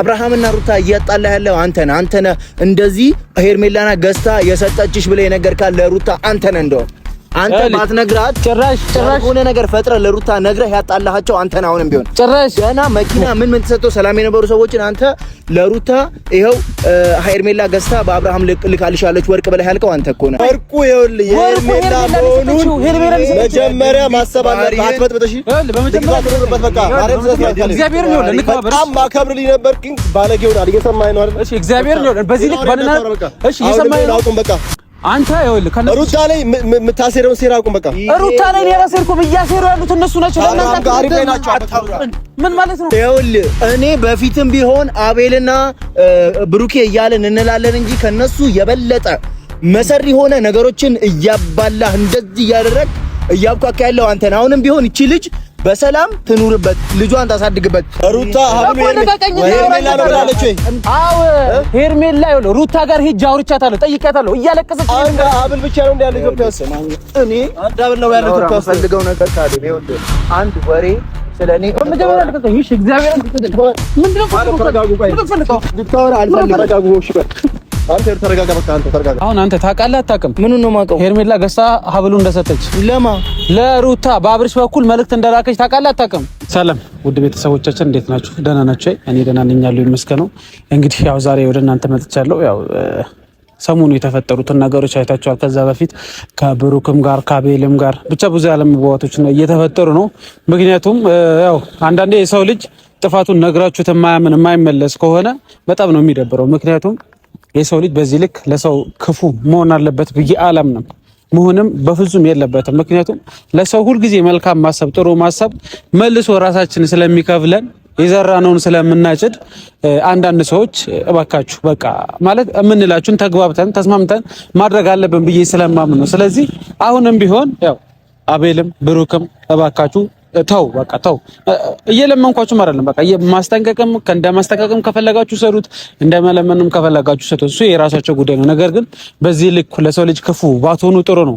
አብርሃምና ሩታ እያጣላ ያለው አንተነ አንተነ እንደዚህ ሄርሜላና ገዝታ የሰጠችሽ ብለ የነገርካ ለሩታ አንተነ እንደው አንተ ባትነግራት ጭራሽ ጭራሽ ሆነ ነገር ፈጥረ ለሩታ ነግረህ ያጣላሃቸው አንተ ነህ። አሁንም ቢሆን ጭራሽ ገና መኪና ምን ምን ተሰጥቶ ሰላም የነበሩ ሰዎችን አንተ ለሩታ ይኸው ሄርሜላ ገዝታ በአብርሃም ልካልሻለች ወርቅ ብለህ ያልከው አንተ እኮ ነህ። ወርቁ ይኸውልህ የሄርሜላ መሆኑን መጀመሪያ ማሰብ አለብህ። አትበጥብጥሽ። በጣም ማከብር ልጅ ነበር። ባለጌውን እየሰማኸኝ ነው አይደል? እሺ፣ እግዚአብሔር ነው በዚህ ልክ ባንና እሺ፣ እየሰማኸኝ ነው። አቁም በቃ አንተ ይኸውልህ ሩታ ላይ የምታሴረውን ሴራ አቁም። በቃ ሩታ ላይ ሌላ አላሴርኩም። እያሴሩ ያሉት እነሱ ናቸው። ምን ማለት ነው? ይኸውልህ እኔ በፊትም ቢሆን አቤልና ብሩኬ እያልን እንላለን እንጂ ከነሱ የበለጠ መሰሪ ሆነ ነገሮችን እያባላህ እንደዚህ እያደረግ እያብኳካ ያለው አንተን አሁንም ቢሆን እቺ ልጅ በሰላም ትኑርበት፣ ልጇን ታሳድግበት። ሩታ ሄርሜላ ሩታ ጋር ሂጅ፣ አውርቻታለሁ፣ ጠይቄያታለሁ። እያለቀሰች አብል ብቻ ነው ኢትዮጵያ ውስጥ እኔ አንድ ነው ኢትዮጵያ ውስጥ አንድ ወሬ ስለኔ እግዚአብሔር አንተ ተረጋጋ፣ በቃ አንተ ተረጋጋ። አሁን አንተ ታውቃለህ አታውቅም? ምኑን ነው የማውቀው? ሄርሜላ ገዝታ ሀብሉ እንደሰጠች ለማ ለሩታ በአብርሽ በኩል መልእክት እንደላከች ታውቃለህ አታውቅም? ሰላም ውድ ቤተሰቦቻችን እንዴት ናችሁ? ደህና ናችሁ? እኔ ደህና ነኝ ያለው ይመስገነው። እንግዲህ ያው ዛሬ ወደ እናንተ መጥቻለሁ። ያው ሰሞኑ የተፈጠሩትን ነገሮች አይታችኋል። ከዛ በፊት ከብሩክም ጋር ከአቤልም ጋር ብቻ ብዙ ያለመግባባቶች እየተፈጠሩ ነው። ምክንያቱም ያው አንዳንዴ የሰው ልጅ ጥፋቱን ነግራችሁት የማያምን የማይመለስ ከሆነ በጣም ነው የሚደብረው። ምክንያቱም የሰው ልጅ በዚህ ልክ ለሰው ክፉ መሆን አለበት ብዬ አላምንም። መሆንም በፍጹም የለበትም። ምክንያቱም ለሰው ሁልጊዜ መልካም ማሰብ፣ ጥሩ ማሰብ መልሶ ራሳችን ስለሚከፍለን የዘራነውን ስለምናጭድ አንዳንድ ሰዎች እባካችሁ በቃ ማለት የምንላችሁን ተግባብተን ተስማምተን ማድረግ አለብን ብዬ ስለማምን ነው። ስለዚህ አሁንም ቢሆን ያው አቤልም ብሩክም እባካችሁ ተው በቃ ተው። እየለመንኳችሁም አይደለም በቃ ማስጠንቀቅም እንደ ማስጠንቀቅም ከፈለጋችሁ ሰሩት፣ እንደ መለመንም ከፈለጋችሁ ሰዱት። እሱ የራሳቸው ጉዳይ ነው። ነገር ግን በዚህ ልክ ለሰው ልጅ ክፉ ባትሆኑ ጥሩ ነው።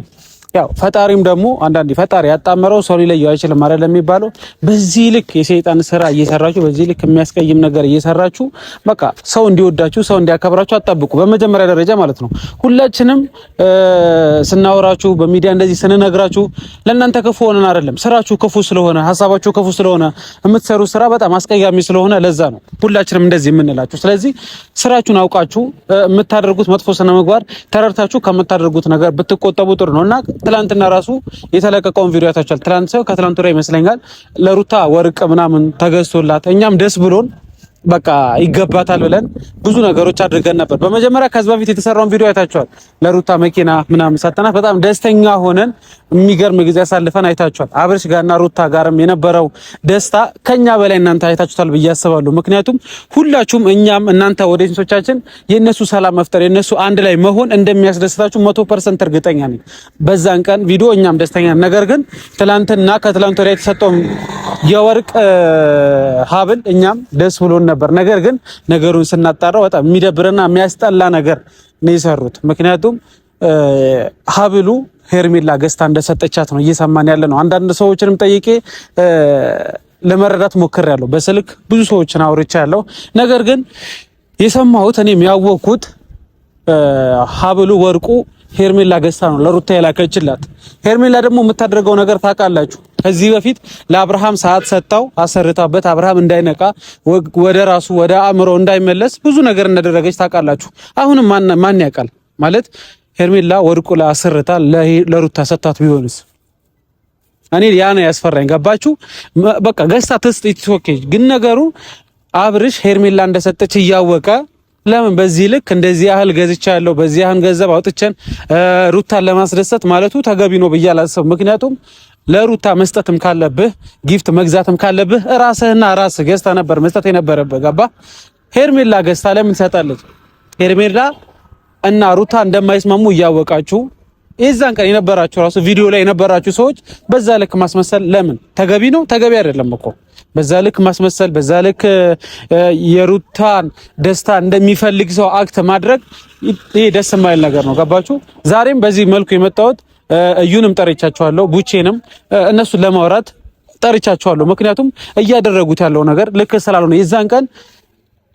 ያው ፈጣሪም ደግሞ አንዳንድ ፈጣሪ ያጣመረው ሰው ሊለየው አይችልም አይደል የሚባለው። በዚህ ልክ የሰይጣን ስራ እየሰራችሁ በዚህ ልክ የሚያስቀይም ነገር እየሰራችሁ በቃ ሰው እንዲወዳችሁ ሰው እንዲያከብራችሁ አጠብቁ። በመጀመሪያ ደረጃ ማለት ነው። ሁላችንም ስናወራችሁ፣ በሚዲያ እንደዚህ ስንነግራችሁ ለእናንተ ክፉ ሆነን አይደለም። ስራችሁ ክፉ ስለሆነ፣ ሀሳባችሁ ክፉ ስለሆነ፣ የምትሰሩ ስራ በጣም አስቀያሚ ስለሆነ ለዛ ነው ሁላችንም እንደዚህ የምንላችሁ። ስለዚህ ስራችሁን አውቃችሁ የምታደርጉት መጥፎ ምግባር ተረድታችሁ ከምታደርጉት ነገር ብትቆጠቡ ጥሩ ነው እና ትላንትና ራሱ የተለቀቀውን ቪዲዮ አይታችኋል። ትላንት ሰው ከትላንት ላይ ይመስለኛል ለሩታ ወርቅ ምናምን ተገዝቶላት እኛም ደስ ብሎን በቃ ይገባታል ብለን ብዙ ነገሮች አድርገን ነበር። በመጀመሪያ ከዚህ በፊት የተሰራውን ቪዲዮ አይታችኋል። ለሩታ መኪና ምናምን ሰጠናት። በጣም ደስተኛ ሆነን የሚገርም ጊዜ አሳልፈን አይታችኋል። አብርሽ ጋርና ሩታ ጋርም የነበረው ደስታ ከኛ በላይ እናንተ አይታችሁታል ብዬ አስባለሁ። ምክንያቱም ሁላችሁም እኛም እናንተ ወደኞቻችን የእነሱ ሰላም መፍጠር የእነሱ አንድ ላይ መሆን እንደሚያስደስታችሁ መቶ ፐርሰንት እርግጠኛ ነኝ። በዛን ቀን ቪዲዮ እኛም ደስተኛ ነን። ነገር ግን ትላንትና ከትላንት ወዲያ የተሰጠውን የወርቅ ሀብል እኛም ደስ ብሎን ነበር። ነገር ግን ነገሩን ስናጣራው በጣም የሚደብርና የሚያስጠላ ነገር ነው የሰሩት። ምክንያቱም ሀብሉ ሄርሜላ ገዝታ እንደሰጠቻት ነው እየሰማን ያለ ነው። አንዳንድ ሰዎችንም ጠይቄ ለመረዳት ያለው በስልክ ብዙ ሰዎችን ያለው ነገር ግን የሰማሁት እኔም ያወቅኩት ሀብሉ ወርቁ ሄርሜላ ገዝታ ነው ለሩታ የላከችላት። ሄርሜላ ደግሞ የምታደርገው ነገር ታውቃላችሁ። ከዚህ በፊት ለአብርሃም ሰዓት ሰጥታው አሰርታበት አብርሃም እንዳይነቃ ወደ ራሱ ወደ አእምሮ እንዳይመለስ ብዙ ነገር እንዳደረገች ታውቃላችሁ። አሁንም ማን ያውቃል ማለት ሄርሜላ ወድቆ አሰርታ ለሩታ ሰታት ቢሆንስ? እኔ ያ ነው ያስፈራኝ። ገባችሁ? በቃ ገዝታ ትስጥ ኢትዮኬ። ግን ነገሩ አብርሽ ሄርሜላ እንደሰጠች እያወቀ ለምን በዚህ ልክ እንደዚህ ያህል ያለው በዚህ ያህል ገንዘብ አውጥቼን ሩታን ለማስደሰት ማለቱ ተገቢ ነው ብዬ አላሰብም። ምክንያቱም ለሩታ መስጠትም ካለብህ ጊፍት መግዛትም ካለብህ ራስህና ራስህ ገዝታ ነበር መስጠት የነበረብህ። ገባ? ሄርሜላ ገዝታ ለምን ትሰጣለች? ሄርሜላ እና ሩታ እንደማይስማሙ እያወቃችሁ የዛን ቀን የነበራችሁ ራሱ ቪዲዮ ላይ የነበራችሁ ሰዎች በዛ ልክ ማስመሰል ለምን ተገቢ ነው? ተገቢ አይደለም እኮ በዛ ልክ ማስመሰል፣ በዛ ልክ የሩታን ደስታ እንደሚፈልግ ሰው አክት ማድረግ ይሄ ደስ የማይል ነገር ነው። ገባችሁ? ዛሬም በዚህ መልኩ የመጣሁት እዩንም ጠርቻቸዋለሁ፣ ቡቼንም እነሱን ለማውራት ጠርቻቸዋለሁ። ምክንያቱም እያደረጉት ያለው ነገር ልክ ስላልሆነ የዛን ቀን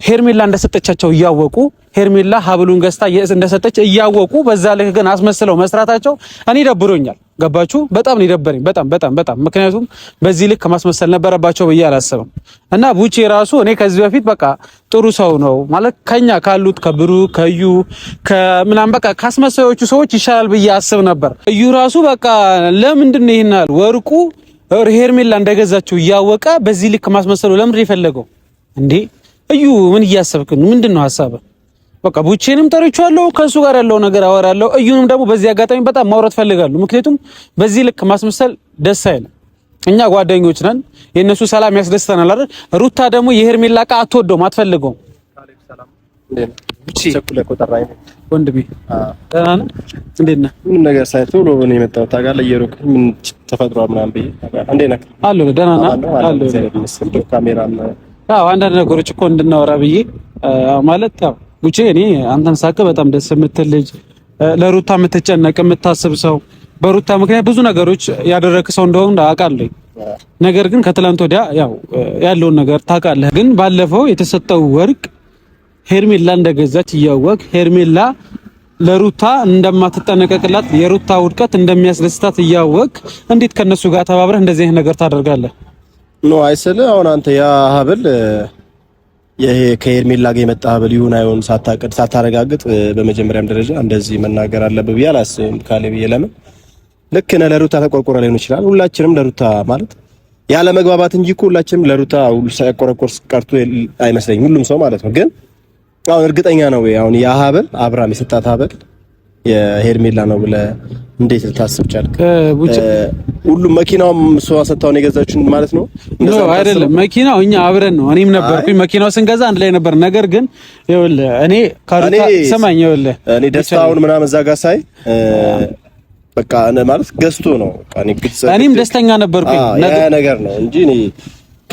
ሄርሜላ እንደሰጠቻቸው እያወቁ ሄርሜላ ሀብሉን ገዝታ እንደሰጠች እያወቁ በዛ ልክ ግን አስመስለው መስራታቸው እኔ ደብሮኛል። ገባችሁ? በጣም ነው የደበረኝ። በጣም በጣም በጣም ምክንያቱም በዚህ ልክ ማስመሰል ነበረባቸው ብዬ አላስብም እና ቡቼ ራሱ እኔ ከዚህ በፊት በቃ ጥሩ ሰው ነው ማለት ከኛ ካሉት ከብሩ ከዩ ከምናምን በቃ ካስመሳዮቹ ሰዎች ይሻላል ብዬ አስብ ነበር። እዩ ራሱ በቃ ለምንድን ነው ይሄናል ወርቁ ሄርሜላ እንደገዛቸው እያወቀ በዚህ ልክ ማስመሰሉ ለምንድን የፈለገው እንዴ? እዩ ምን እያሰብክ ነው? ምንድን ነው ሀሳብህ? በቃ ቡቼንም ጠርቼዋለሁ፣ ከእሱ ጋር ያለው ነገር አወራለሁ። እዩንም ደግሞ በዚህ አጋጣሚ በጣም ማውራት ፈልጋለሁ። ምክንያቱም በዚህ ልክ ማስመሰል ደስ አይልም። እኛ ጓደኞች ነን፣ የእነሱ ሰላም ያስደስተናል አይደል? ሩታ ደግሞ የሄርሜላ ዕቃ አትወደውም፣ አትፈልገውም። ደህና ነህ? አዎ አንዳንድ ነገሮች እኮ እንድናወራ ብዬ ማለት ያው ጉቼ እኔ አንተን ሳቅ በጣም ደስ የምትል ልጅ፣ ለሩታ የምትጨነቅ የምታስብ ሰው፣ በሩታ ምክንያት ብዙ ነገሮች ያደረግ ሰው እንደሆነ አውቃለሁ። ነገር ግን ከትላንት ወዲያ ያው ያለውን ነገር ታውቃለህ። ግን ባለፈው የተሰጠው ወርቅ ሄርሜላ እንደገዛች እያወቅ ሄርሜላ ለሩታ እንደማትጠነቀቅላት የሩታ ውድቀት እንደሚያስደስታት እያወቅ እንዴት ከነሱ ጋር ተባብረህ እንደዚህ አይነት ነገር ታደርጋለህ? ኖ አይስል አሁን አንተ ያ ሀብል ይሄ ከኤርሜላ ጋር የመጣ ሀብል ይሁን አይሁን ሳታቅድ ሳታረጋግጥ በመጀመሪያም ደረጃ እንደዚህ መናገር አለብህ ብዬ አላስብም። ካሌብ ለምን ልክ ነህ። ለሩታ ተቆርቆረ ሊሆን ይችላል። ሁላችንም ለሩታ ማለት ያለ መግባባት እንጂ እኮ ሁላችንም ለሩታ ሳይቆረቆር ቀርቶ አይመስለኝም። ሁሉም ሰው ማለት ነው። ግን አሁን እርግጠኛ ነው አሁን ያ ሀብል አብራም የሰጣት ሀብል የሄርሜላ ነው ብለ እንዴት ልታስብ ቻልክ? ሁሉም መኪናውም እሷ ሰጥታውን የገዛችሁን ማለት ነው? አይደለም መኪናው እኛ አብረን ነው፣ እኔም ነበርኩኝ መኪናው ስንገዛ አንድ ላይ ነበር። ነገር ግን ይኸውልህ እኔ ካሩታ ሰማኝ፣ ይኸውልህ እኔ ደስታውን ምናምን እዛ ጋር ሳይ በቃ ማለት ገዝቶ ነው እኔም ደስተኛ ነበርኩኝ። ነገር ነው እንጂ እኔ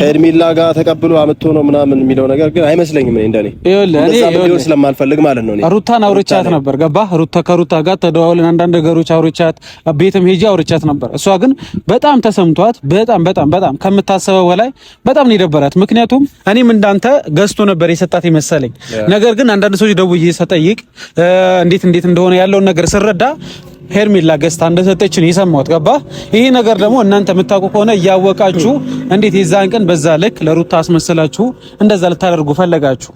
ከእድሜላ ጋር ተቀብሎ አመቶ ነው ምናምን የሚለው ነገር ግን አይመስለኝም። እኔ እንደኔ ይኸውልህ ስለማልፈልግ ማለት ነው። ሩታን አውርቻት ነበር ገባ። ሩታ ከሩታ ጋር ተደዋውለን አንዳንድ ነገሮች አውርቻት፣ ቤትም ሄጂ አውርቻት ነበር። እሷ ግን በጣም ተሰምቷት በጣም በጣም በጣም ከምታሰበው በላይ በጣም ነው የደበራት። ምክንያቱም እኔም እንዳንተ ገዝቶ ነበር የሰጣት ይመሰለኝ። ነገር ግን አንዳንድ ሰዎች ደውዬ ስጠይቅ እንዴት እንዴት እንደሆነ ያለውን ነገር ስረዳ ሄርሜላ ገዝታ እንደሰጠችን የሰማሁት ገባ። ይሄ ነገር ደግሞ እናንተ የምታውቁ ከሆነ እያወቃችሁ እንዴት የዛን ቀን በዛ ልክ ለሩታ አስመስላችሁ እንደዛ ልታደርጉ ፈለጋችሁ?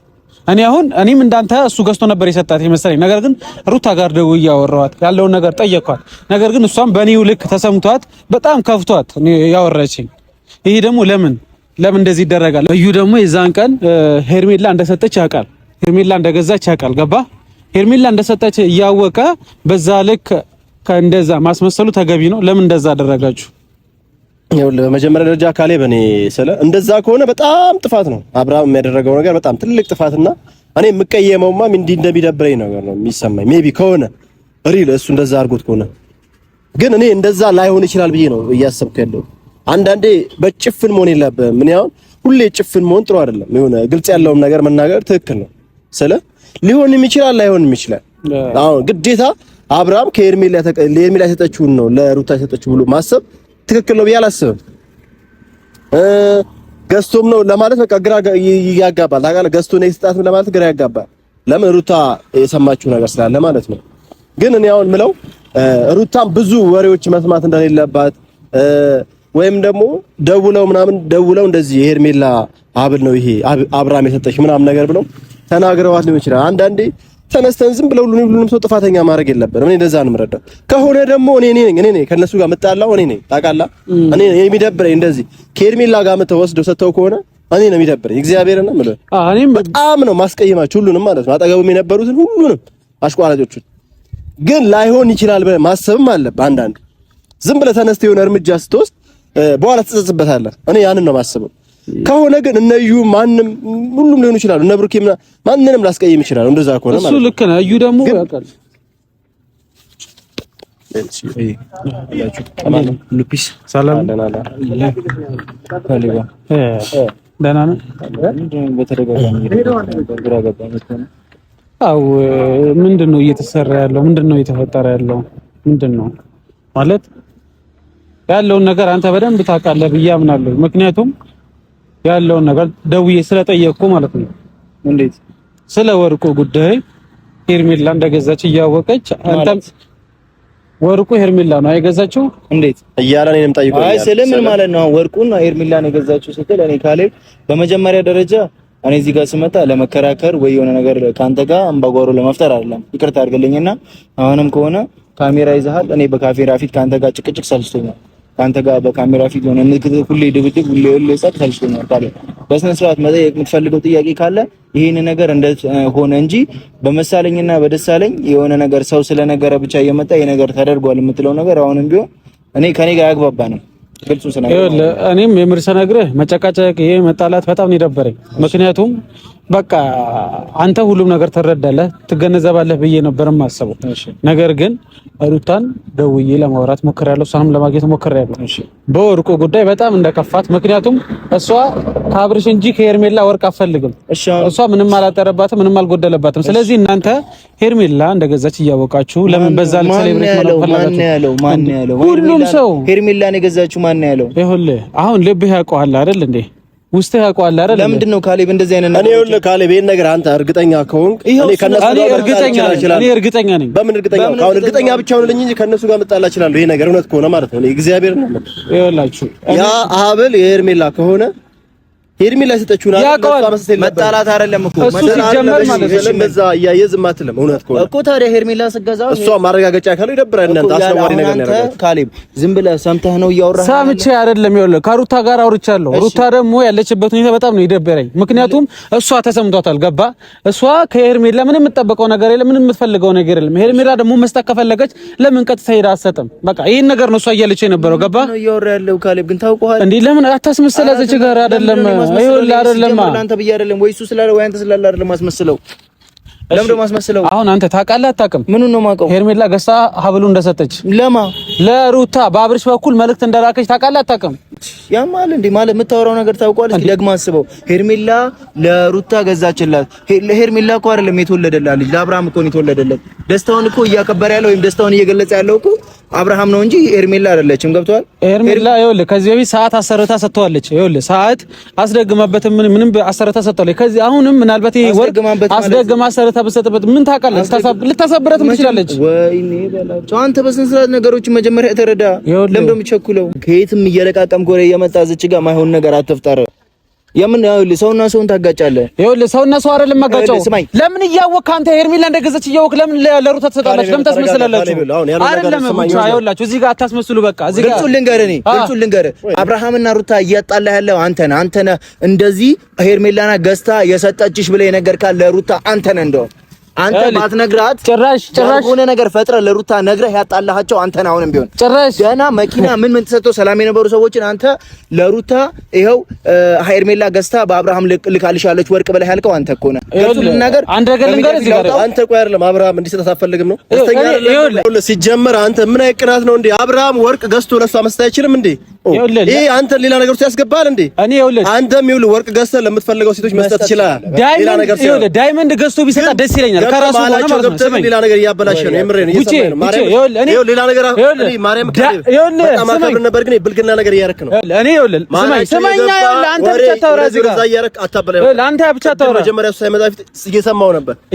እኔ አሁን እኔም እንዳንተ እሱ ገዝቶ ነበር የሰጣት የመሰለኝ። ነገር ግን ሩታ ጋር ደውዬ እያወራኋት ያለውን ነገር ጠየኳት። ነገር ግን እሷም በእኔው ልክ ተሰምቷት በጣም ከፍቷት ያወራችኝ። ይሄ ደግሞ ለምን ለምን እንደዚህ ይደረጋል? እዩ ደግሞ የዛን ቀን ሄርሜላ እንደሰጠች ያውቃል፣ ሄርሜላ እንደገዛች ያውቃል። ገባ ሄርሜላ እንደሰጠች እያወቀ በዛ ልክ ከእንደዛ ማስመሰሉ ተገቢ ነው። ለምን እንደዛ አደረጋችሁ? በመጀመሪያ ደረጃ አካሌ በእኔ ስለ እንደዛ ከሆነ በጣም ጥፋት ነው። አብርሃም የሚያደረገው ነገር በጣም ትልቅ ጥፋትና እኔ የምቀየመውማ እንዲህ እንደሚደብረኝ ነገር ነው የሚሰማኝ። ሜቢ ከሆነ ሪል እሱ እንደዛ አድርጎት ከሆነ ግን እኔ እንደዛ ላይሆን ይችላል ብዬ ነው እያሰብኩ ያለው። አንዳንዴ በጭፍን መሆን የለብህም። ምን ያሁን ሁሌ ጭፍን መሆን ጥሩ አይደለም። የሆነ ግልጽ ያለውን ነገር መናገር ትክክል ነው። ስለ ሊሆንም ይችላል ላይሆንም ይችላል። አሁን ግዴታ አብርሃም ከኤርሜላ ለኤርሜላ የሰጠችውን ነው ለሩታ የሰጠችው ብሎ ማሰብ ትክክል ነው ብዬ አላስብም። ገዝቶም ነው ለማለት በቃ ግራ ያጋባል። ታውቃለህ፣ ገዝቶ ነው የሰጣትም ለማለት ግራ ያጋባል። ለምን ሩታ የሰማችው ነገር ስላለ ማለት ነው። ግን እኔ አሁን ምለው ሩታም ብዙ ወሬዎች መስማት እንደሌለባት ወይም ደግሞ ደውለው ምናምን ደውለው እንደዚህ የኤርሜላ ሀብል ነው ይሄ አብርሃም የሰጠሽ ምናምን ነገር ብለው ተናግረዋት ሊሆን ይችላል አንዳንዴ ተነስተን ዝም ብለው ሁሉንም ሁሉንም ሰው ጥፋተኛ ማድረግ የለብንም። እኔ እንደዛ ነው የምረዳው። ከሆነ ደግሞ እኔ እኔ እኔ ነኝ ከነሱ ጋር መጣላው እኔ ነኝ። ታውቃለህ፣ እኔ የሚደብረኝ እንደዚህ ከኤርሜላ ጋር መተው ወስደው ሰተው ከሆነ እኔ ነው የሚደብረኝ። እግዚአብሔር ነው ማለት እኔም በጣም ነው ማስቀየማችሁ፣ ሁሉንም ማለት ነው፣ አጠገቡም የነበሩትን ሁሉንም አሽቋላጮቹን። ግን ላይሆን ይችላል ብለህ ማሰብም አለብህ። አንዳንድ ዝም ብለህ ተነስተህ የሆነ እርምጃ ስትወስድ በኋላ ትጸጸትበታለህ። እኔ ያንን ነው ማስበው። ከሆነ ግን እነዩ ማንም ሁሉም ሊሆኑ ይችላሉ። እነ ብሩኬ ማንንም ላስቀይም ይችላሉ። እንደዛ ከሆነ ማለት ነው። እሱ ልክ እዩ ደግሞ ያውቃል። አዎ ምንድን ነው እየተሰራ ያለው? ምንድን ነው እየተፈጠረ ያለው? ምንድን ነው ማለት ያለውን ነገር አንተ በደንብ ታውቃለህ ብዬ አምናለሁ ምክንያቱም ያለውን ነገር ደውዬ ስለጠየቅኩ ማለት ነው። እንዴት ስለ ወርቁ ጉዳይ ሄርሜላ እንደገዛች እያወቀች አንተም ወርቁ ሄርሜላ ነው አይገዛችው እንዴት እያለ እኔንም ጠይቆ አይ ስለምን ማለት ነው ወርቁና ሄርሜላ ነው የገዛችው ስትል እኔ ካሌብ በመጀመሪያ ደረጃ እኔ እዚህ ጋር ስመጣ ለመከራከር ወይ የሆነ ነገር ከአንተ ጋር አምባጓሮ ለመፍጠር አይደለም። ይቅርታ አድርግልኝና አሁንም ከሆነ ካሜራ ይዘሃል። እኔ በካፌ ራፊት ከአንተ ጋር ጭቅጭቅ ሰልስቶኛል። ከአንተ ጋር በካሜራ ፊት ሆነ ንግድ ሁሌ ድብድብ፣ ሁሌ ሁሌ ጸጥ ሰልችቶኛል ካለ በስነ ስርዓት መጠየቅ የምትፈልገው ጥያቄ ካለ ይህን ነገር እንደ ሆነ እንጂ በመሳለኝና በደሳለኝ የሆነ ነገር ሰው ስለነገረ ብቻ እየመጣ ይሄ ነገር ተደርጓል የምትለው ነገር አሁንም ቢሆን እኔ ከኔ ጋር አያግባባንም። እኔም የምር ስነግርህ መጨቃጨቅ፣ ይሄ መጣላት በጣም ነው የደበረኝ ምክንያቱም በቃ አንተ ሁሉም ነገር ትረዳለህ፣ ትገነዘባለህ ብዬ ነበር የማስበው። ነገር ግን ሩታን ደውዬ ለማውራት ሞክሬያለሁ፣ እሷንም ለማግኘት ሞክሬያለሁ በወርቁ ጉዳይ በጣም እንደከፋት። ምክንያቱም እሷ ከአብርሽ እንጂ ከሄርሜላ ወርቅ አፈልግም። እሷ ምንም አላጠረባትም፣ ምንም አልጎደለባትም። ስለዚህ እናንተ ሄርሜላ እንደገዛች እያወቃችሁ ለምን በዛ ሴሌብሬት ማለት ሁሉም ሰው ሄርሜላን የገዛችሁ ማን ነው ያለው? ይኸውልህ አሁን ልብህ ያውቀዋል አይደል እንዴ ውስጥ ያውቀዋል አይደል? ለምንድን ነው ካሌብ እንደዚህ አይነት ነገር? እኔ ይኸውልህ ካሌብ ይሄን ነገር አንተ እርግጠኛ ከሆንክ እኔ ከነሱ ጋር እርግጠኛ ነኝ። እኔ እርግጠኛ ነኝ። በምን እርግጠኛ ነው? አሁን እርግጠኛ ብቻ ሆነልኝ እንጂ ከነሱ ጋር መጣላ እችላለሁ። ይሄ ነገር እውነት ከሆነ ማለት ነው። እኔ እግዚአብሔር ነው። ይኸውላችሁ ያ አብል የሄርሜላ ከሆነ ላይ ሄርሜላ የሰጠችውን መጣላት አይደለም እኮ እሱ ሲጀመር ማለት ነው። በዛ እያየህ ዝም አትልም። እውነት ከሆነ እኮ ታዲያ ሄርሜላ ስገዛ እሷ ማረጋገጫ ካለው ይደብራል። እናንተ አስነዋሪ ነገር ነው ያለው። ካሌብ ዝም ብለህ ሰምተህ ነው እያወራህ። ሰምቼ አይደለም። ይኸውልህ ከሩታ ጋር አውርቻለሁ። ሩታ ደግሞ ያለችበት ሁኔታ በጣም ነው የደበረኝ። ምክንያቱም እሷ ተሰምቷታል። ገባ እሷ ከሄርሜላ ምንም የምትጠብቀው ነገር የለም፣ ምንም የምትፈልገው ነገር የለም። ሄርሜላ ደግሞ መስጠት ከፈለገች ለምን ቀጥታ ሄዳ አትሰጥም? በቃ ይሄን ነገር ነው እሷ እያለች የነበረው። ገባ ነው እያወራ ያለው ካሌብ ግን ታውቀዋለህ እንዴ ለምን አታስመስል? ዘች ጋር አይደለም ለአንተ ብዬ አይደለም ወይ እሱ ስላለ ወይ አንተ ስላለ አይደለም አስመስለው ለምዶ ማስመስለው አሁን አንተ ታውቃለህ አታውቅም? ምኑን ነው የማውቀው? ሄርሜላ ገሳ ሀብሉ እንደሰጠች ለማ ለሩታ በአብርሽ በኩል መልእክት እንደላከች ታውቃለህ አታውቅም? ያማል እንዴ ማለት የምታወራው ነገር ታውቋል። እስኪ ደግማ አስበው። ሄርሜላ ለሩታ ገዛችላት። ሄርሜላ እኮ አይደለም የተወለደላት ልጅ ለአብርሃም እኮ ነው የተወለደለት። ደስታውን እኮ እያከበረ ያለው ወይም ደስታውን እየገለጸ ያለው እኮ አብርሃም ነው እንጂ ሄርሜላ አይደለችም። ገብቷል? ሄርሜላ ይኸውልህ ከዚህ በፊት ሰዓት አሰርታ ሰጥተዋለች። ይኸውልህ ሰዓት አስደግማበት ምንም አሰርታ ሰጥተዋለች። ከዚህ አሁንም ምናልባት ይሄ ወርቅ አስደግማ አሰርታ ከተበሰተበት ምን ታውቃለህ? ልታሳብረት ትችላለች። ወይኔ በላቸው አንተ በስነ ስርዓት ነገሮችን መጀመሪያ ተረዳ። ለምን ቸኩለው ከየትም እየለቃቀም ጎረ እየመጣ ዝች ጋር ማይሆን ነገር አትፍጠር። የምን ይኸውልህ፣ ሰውና ሰውን ታጋጫለህ። ይኸውልህ፣ ሰውና ሰው አይደለም መጋጫው። ለምን እያወቅህ አንተ ሄርሜላ እንደገዛች እያወቅህ ለምን ለሩታ ትሰጣላችሁ? ለምን ታስመስላላችሁ? አይደለም ብቻ ይኸውላችሁ፣ እዚህ ጋር አታስመስሉ። በቃ እዚህ ጋር ግልጹን ልንገርህ፣ እኔ ግልጹን ልንገርህ፣ አብርሃምና ሩታ እያጣላህ ያለው አንተ ነህ። አንተ ነህ እንደዚህ ሄርሜላና ገዝታ የሰጠችሽ ብለህ የነገርካት ለሩታ አንተ ነህ እንደው አንተ ባትነግራት ጭራሽ ጭራሽ ሆነ ነገር ፈጥረ ለሩታ ነግረህ ያጣላሃቸው አንተን አሁንም ቢሆን ጭራሽ ገና መኪና ምን ምን ተሰጥቶ ሰላም የነበሩ ሰዎችን አንተ ለሩታ ይኸው ሀይርሜላ ገዝታ በአብርሃም ልካልሻለች ወርቅ በላይ ያልከው አንተ እኮ ነህ። ነገር አንድ ነገር ልንገርህ አንተ ቆይ አይደለም አብርሃም እንዲሰጣት አትፈልግም ነው ሲጀመር። አንተ ምን አይቅናት ነው እንዴ? አብርሃም ወርቅ ገዝቶ ለሷ መስጠት አይችልም እንዴ? ይሄ አንተ ሌላ ነገር ውስጥ ያስገባል እንዴ? እኔ ይኸውልህ፣ አንተም ይኸውልህ ወርቅ ገዝተህ ለምትፈልገው ሴቶች መስጠት ይችላል። ዳይመንድ ገዝቶ ቢሰጣ ደስ ይለኛል። ከራሱ ሆነ ማለት ነው። ሌላ ነገር እያበላሸ ነው። የምሬ ነው። ሌላ ነገር ነበር፣ ግን ብልግና ነገር እያደረክ ነው። እኔ አንተ ብቻ አንተ ብቻ ታወራ። ነበር፣ ነው።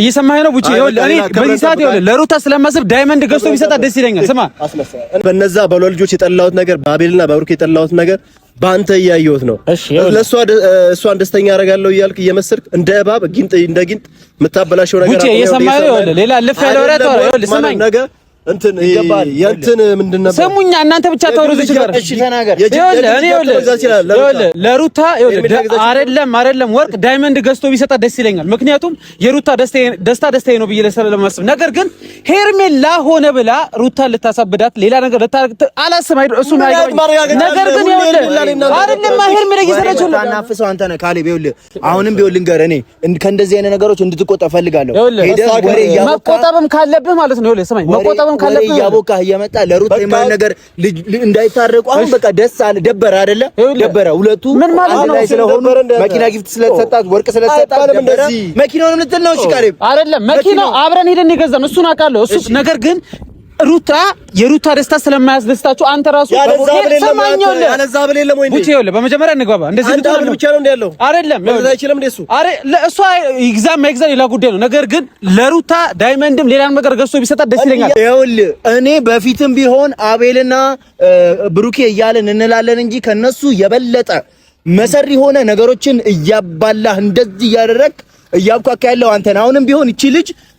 እኔ በዚህ ሰዓት ለሩታ ስለማስብ ዳይመንድ ገዝቶ ቢሰጣ ደስ ይለኛል። ስማ፣ በእነዛ በሎ ልጆች የጠላሁት ነገር ባቤልና በብሩኬ የጠላሁት ነገር በአንተ እያየሁት ነው። ለእሷ እሷን ደስተኛ አደርጋለሁ እያልክ እየመሰልክ እንደ እባብ ጊንጥ እንደ ጊንጥ የምታበላሸው ነገር እንትን የእንትን ምንድን ነበር? ስሙኛ እናንተ ብቻ እሺ ተናገር። ለሩታ አይደለም አይደለም ወርቅ ዳይመንድ ገዝቶ ቢሰጣ ደስ ይለኛል። ምክንያቱም የሩታ ደስታ ደስታዬ ነው ብዬ ነገር ግን ሄርሜላ ሆነ ብላ ሩታ ልታሳብዳት ሌላ ነገር ልታረግ እሱ ነገር ግን አይደለም ሄርሜላ ነው። አንተ ነህ ካሌብ። ይኸውልህ አሁንም ቢሆን ልንገርህ፣ እኔ ከእንደዚህ አይነት ነገሮች እንድትቆጠብ እፈልጋለሁ። መቆጠብም ካለብህ ማለት ነው። ይኸውልህ ስማኝ መቆጠብም ወሬ እያቦካህ እየመጣ ለሩት የማን ነገር እንዳይታረቁ አሁን በቃ ደስ አለ ደበረ አይደለ ደበረ። ሁለቱ ምን ማለት ነው? ስለሆነ መኪና ጊፍት ስለተሰጣት ወርቅ ስለተሰጣት መኪናውንም ልትል ነው። እሺ አይደለም መኪናው አብረን ሄደን የገዛን እሱን አውቃለሁ። እሱ ነገር ግን ሩታ የሩታ ደስታ ስለማያስደስታችሁ አንተ ራሱ በመጀመሪያ እንግባባ። እንደዚህ ሌላ ጉዳይ ነው። ነገር ግን ለሩታ ዳይመንድም ሌላ ነገር ገዝቶ ቢሰጣት ደስ ይለኛል። ይኸውልህ እኔ በፊትም ቢሆን አቤልና ብሩኬ እያልን እንላለን እንጂ ከነሱ የበለጠ መሰሪ ሆነ ነገሮችን እያባላህ እንደዚህ እያደረግ እያብኳካ ያለው አንተን አሁንም ቢሆን እቺ ልጅ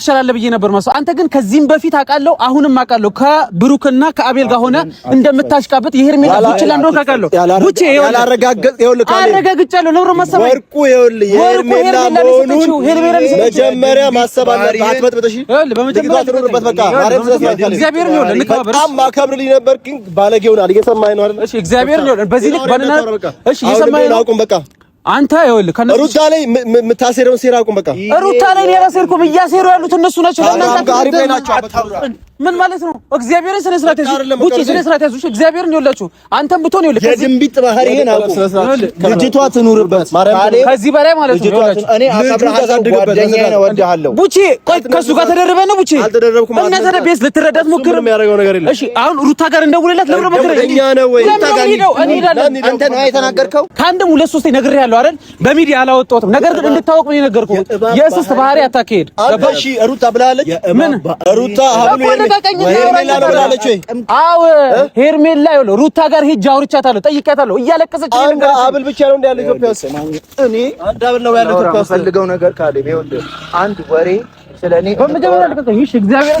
ትችላለህ ብዬ ነበር ማሰብ። አንተ ግን ከዚህም በፊት አውቃለሁ፣ አሁንም አውቃለሁ ከብሩክና ከአቤል ጋር ሆነ እንደምታሽቃበት የሄርሜላ ቡችላ እንደሆነ አውቃለሁ። ቡቼ አረጋግጫለሁ። ለብሮ ማሰብ ወርቁ ይኸውልህ የሄርሜላ መሆኑን መጀመሪያ ማሰብ አለብህ። አትበጥበጥሽ። በመጀመሪያ ትኖርበት በቃ ማርያም ስለዚህ እግዚአብሔር ነው ለንከባበር በጣም ማከብር ልኝ ነበር ግን ባለጌ ሆናል። እየሰማኸኝ ነው አይደል? እሺ፣ እግዚአብሔር ነው። በዚህ ልክ ባልና እሺ፣ እየሰማኸኝ ነው። አቁም በቃ አንተ ይኸውልህ ሩታ ላይ የምታሴረውን ሴራ አቁም። በቃ ሩታ ላይ ሌላ ሴርኩም እያሴሩ ያሉት እነሱ ናቸው። ምን ማለት ነው? እግዚአብሔርን ስነ ስርዓት ያዙ፣ ቡጪ ስነ ስርዓት ያዙ። እሺ እግዚአብሔርን ይኸውላችሁ፣ አንተም ብትሆን ይኸውልህ፣ የድንቢጥ ባህሪ አውቁ። ልጅቷ ትኑርበት፣ ከዚህ በላይ ማለት ነው። ልጅቷ እኔ አቀብራለሁ፣ ነው፣ እወድሃለሁ። ቡጪ ቆይ፣ ከእሱ ጋር ተደረበ ነው ቡጪ? አልተደረብኩም። እና ታዲያ ቤት ልትረዳት ሞክር። እሺ አሁን ሩታ ጋር እንደውልላት። ለምን ነው እኛ ነው ወይ አንተ ነው የተናገርከው? ከአንድም ሁለት ሶስት ነግሬሃለሁ አይደል? በሚዲያ አላወጣሁትም፣ ነገር ግን እንድታወቅ ነው የነገርኩህ። የእሱስ ባህሪ አታካሄድ። ገባህ? ሩታ ብላለች ምን ሩታ አሁን ልቀቀኝ። አዎ ሄርሜላ ይኸውልህ ሩታ ጋር ሂጅ አውርቻታለሁ፣ ጠይቄያታለሁ። እያለቀሰች አብል ብቻ ነው እንደ ኢትዮጵያ ውስጥ እኔ አንድ አብል ነው ያለ ኢትዮጵያ ውስጥ ፈልገው ነገር ካለ ይኸውልህ አንድ ወሬ ስለኔ በመጀመሪያ ልቀቀኝ። እሺ እግዚአብሔር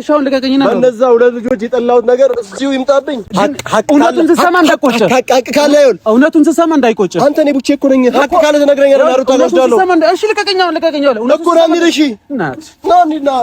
እሻውን አሁን ነው በእነዛ ሁለት ልጆች የጠላሁት ነገር እዚሁ ይምጣብኝ። እውነቱን ስትሰማ እንዳይቆጭህ። ሀቅ ካለ ይሁን። እውነቱን ስትሰማ እንዳይቆጭህ። አንተ እኔ ቡቼ እኮ ነኝ። ሀቅ ካለ ትነግረኛለህ። እሺ ልቀቀኝ አሁን ልቀቀኝ። እውነቱን ስትሰማ እሺ ና ና